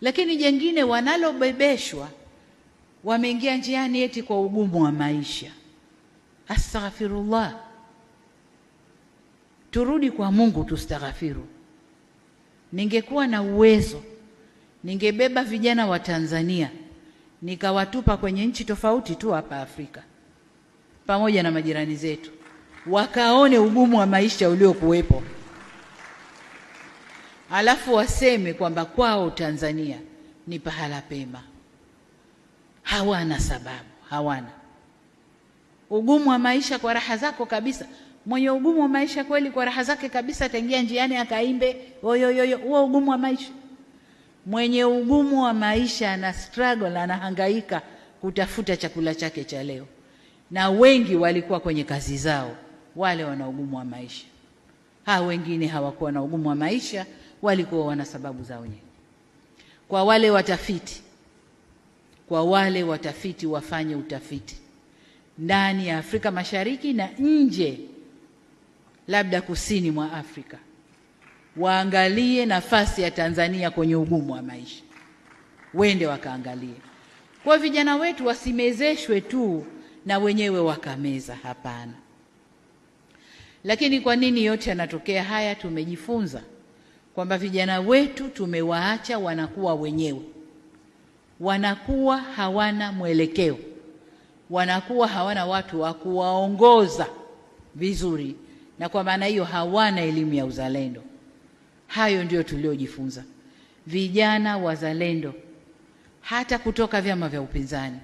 Lakini jengine wanalobebeshwa, wameingia njiani eti kwa ugumu wa maisha. Astaghfirullah, turudi kwa Mungu tustaghfiru. Ningekuwa na uwezo ningebeba vijana wa Tanzania nikawatupa kwenye nchi tofauti tu hapa Afrika pamoja na majirani zetu, wakaone ugumu wa maisha uliokuwepo alafu waseme kwamba kwao Tanzania ni pahala pema. Hawana sababu, hawana ugumu wa maisha kwa raha zako kabisa. Mwenye ugumu wa maisha kweli kwa raha zake kabisa ataingia njiani akaimbe oyoyoyo, huo ugumu wa maisha. Mwenye ugumu wa maisha ana struggle, anahangaika kutafuta chakula chake cha leo, na wengi walikuwa kwenye kazi zao, wale wana ugumu wa maisha. ha wengine hawakuwa na ugumu wa maisha walikuwa wana sababu zao wenyewe. Kwa wale watafiti, kwa wale watafiti wafanye utafiti ndani ya Afrika Mashariki na nje, labda kusini mwa Afrika, waangalie nafasi ya Tanzania kwenye ugumu wa maisha, wende wakaangalie kwa vijana wetu, wasimezeshwe tu na wenyewe wakameza. Hapana. Lakini kwa nini yote yanatokea haya? Tumejifunza kwamba vijana wetu tumewaacha wanakuwa wenyewe, wanakuwa hawana mwelekeo, wanakuwa hawana watu wa kuwaongoza vizuri, na kwa maana hiyo hawana elimu ya uzalendo. Hayo ndiyo tuliojifunza vijana wazalendo, hata kutoka vyama vya upinzani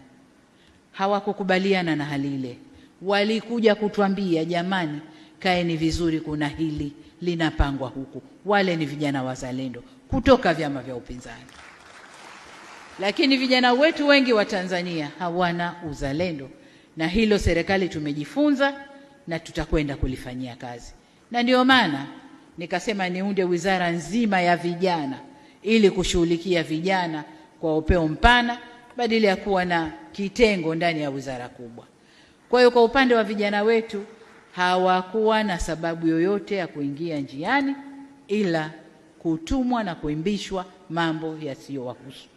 hawakukubaliana na hali ile, walikuja kutuambia, jamani, kaeni vizuri, kuna hili linapangwa huku. Wale ni vijana wazalendo kutoka vyama vya upinzani, lakini vijana wetu wengi wa Tanzania hawana uzalendo, na hilo serikali tumejifunza na tutakwenda kulifanyia kazi, na ndio maana nikasema niunde wizara nzima ya vijana ili kushughulikia vijana kwa upeo mpana badala ya kuwa na kitengo ndani ya wizara kubwa. Kwa hiyo kwa upande wa vijana wetu hawakuwa na sababu yoyote ya kuingia njiani ila kutumwa na kuimbishwa mambo yasiyowahusu.